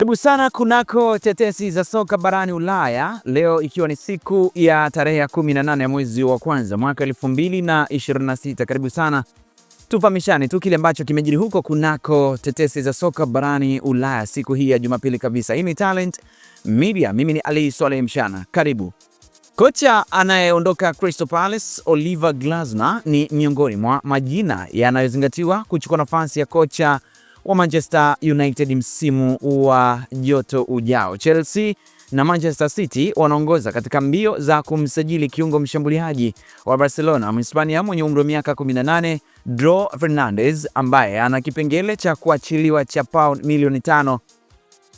Karibu sana kunako tetesi za soka barani Ulaya, leo ikiwa ni siku ya tarehe ya 18 ya mwezi wa kwanza mwaka 2026. Karibu sana tufahamishane tu kile ambacho kimejiri huko kunako tetesi za soka barani Ulaya siku hii ya Jumapili kabisa. Hii ni Talent Media, mimi ni Ali Swaleh Mshana, karibu. Kocha anayeondoka Crystal Palace Oliver Glasner ni miongoni mwa majina yanayozingatiwa kuchukua nafasi ya kocha wa Manchester United msimu wa joto ujao. Chelsea na Manchester City wanaongoza katika mbio za kumsajili kiungo mshambuliaji wa Barcelona Mhispania mwenye umri wa miaka 18 Dro Fernandez ambaye ana kipengele cha kuachiliwa cha pound milioni tano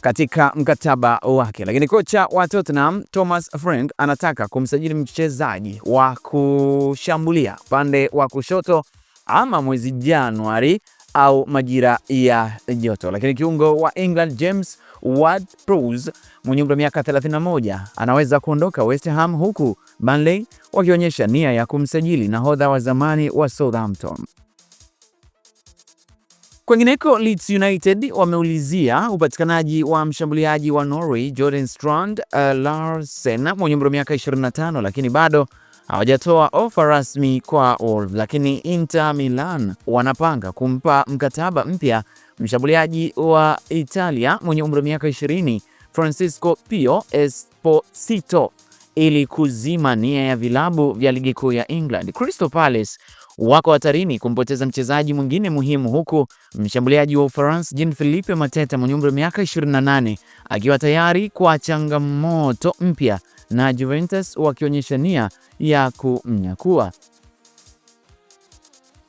katika mkataba wake, lakini kocha wa Tottenham Thomas Frank anataka kumsajili mchezaji wa kushambulia pande wa kushoto ama mwezi Januari au majira ya joto. Lakini kiungo wa England James Ward-Prowse mwenye umri wa miaka 31 anaweza kuondoka West Ham huku Burnley wakionyesha nia ya kumsajili nahodha wa zamani wa Southampton. Kwengineko, Leeds United wameulizia upatikanaji wa mshambuliaji wa Norway Jordan Strand uh, Larsen mwenye umri wa miaka 25 lakini bado hawajatoa ofa rasmi kwa Wolves, lakini Inter Milan wanapanga kumpa mkataba mpya mshambuliaji wa Italia mwenye umri wa miaka 20 Francisco Pio Esposito ili kuzima nia ya vilabu vya ligi kuu ya England. Crystal Palace wako hatarini kumpoteza mchezaji mwingine muhimu huku mshambuliaji wa Ufaransa Jean-Philippe Mateta mwenye umri wa miaka 28 akiwa tayari kwa changamoto mpya na Juventus wakionyesha nia ya kumnyakua.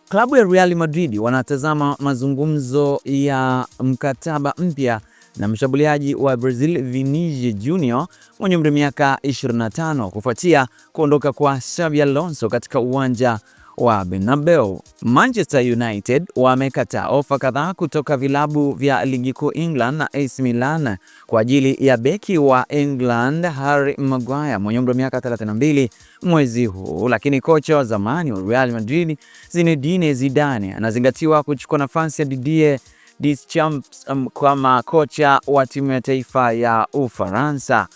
Klabu ya Real Madrid wanatazama mazungumzo ya mkataba mpya na mshambuliaji wa Brazil Vinicius Junior mwenye umri miaka 25 kufuatia kuondoka kwa Xabi Alonso katika uwanja wa Bernabeu. Manchester United wamekataa ofa kadhaa kutoka vilabu vya ligi kuu England na AC Milan kwa ajili ya beki wa England Harry Maguire mwenye umri wa miaka 32 mwezi huu, lakini kocha wa zamani wa Real Madrid Zinedine Zidane anazingatiwa kuchukua nafasi ya Didier Deschamps um, kama kocha wa timu ya taifa ya Ufaransa.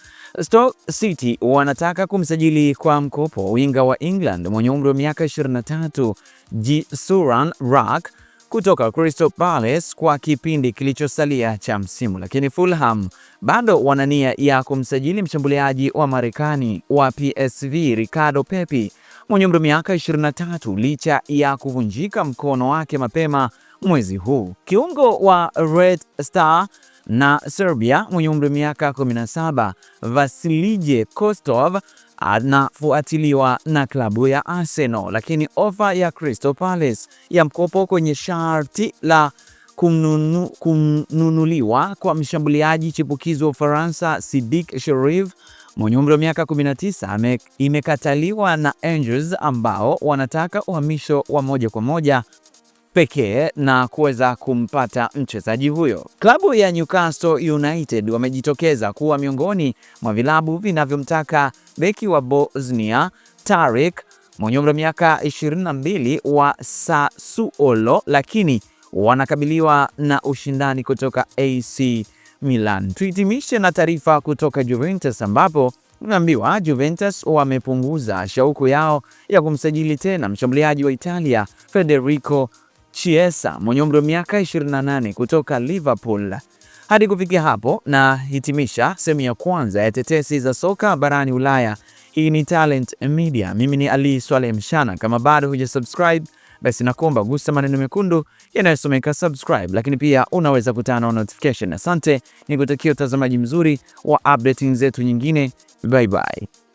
Stoke City wanataka kumsajili kwa mkopo winga wa England mwenye umri wa miaka 23 Jisuran Rak kutoka Crystal Palace kwa kipindi kilichosalia cha msimu, lakini Fulham bado wana nia ya kumsajili mshambuliaji wa Marekani wa PSV Ricardo Pepi mwenye umri wa miaka 23 licha ya kuvunjika mkono wake mapema mwezi huu. Kiungo wa Red Star na Serbia mwenye umri wa miaka 17 Vasilije Kostov anafuatiliwa na klabu ya Arsenal, lakini ofa ya Crystal Palace ya mkopo kwenye sharti la kumnunu, kumnunuliwa kwa mshambuliaji chipukizi wa Ufaransa Sidik Sherif mwenye umri wa miaka 19 imekataliwa na Angels ambao wanataka uhamisho wa moja kwa moja pekee na kuweza kumpata mchezaji huyo. Klabu ya Newcastle United wamejitokeza kuwa miongoni mwa vilabu vinavyomtaka beki wa Bosnia Tarik mwenye umri wa miaka 22 wa Sassuolo, lakini wanakabiliwa na ushindani kutoka AC Milan. Tuhitimishe na taarifa kutoka Juventus ambapo unaambiwa Juventus wamepunguza shauku yao ya kumsajili tena mshambuliaji wa Italia Federico Chiesa mwenye umri wa miaka 28 kutoka Liverpool. Hadi kufikia hapo na hitimisha sehemu ya kwanza ya tetesi za soka barani Ulaya. Hii ni Talent Media. Mimi ni Ali Swale Mshana. Kama bado hujasubscribe, basi nakuomba gusa maneno mekundu yanayosomeka subscribe, lakini pia unaweza kutana na notification. Asante, nikutakia utazamaji mzuri wa updating zetu nyingine. Bye bye.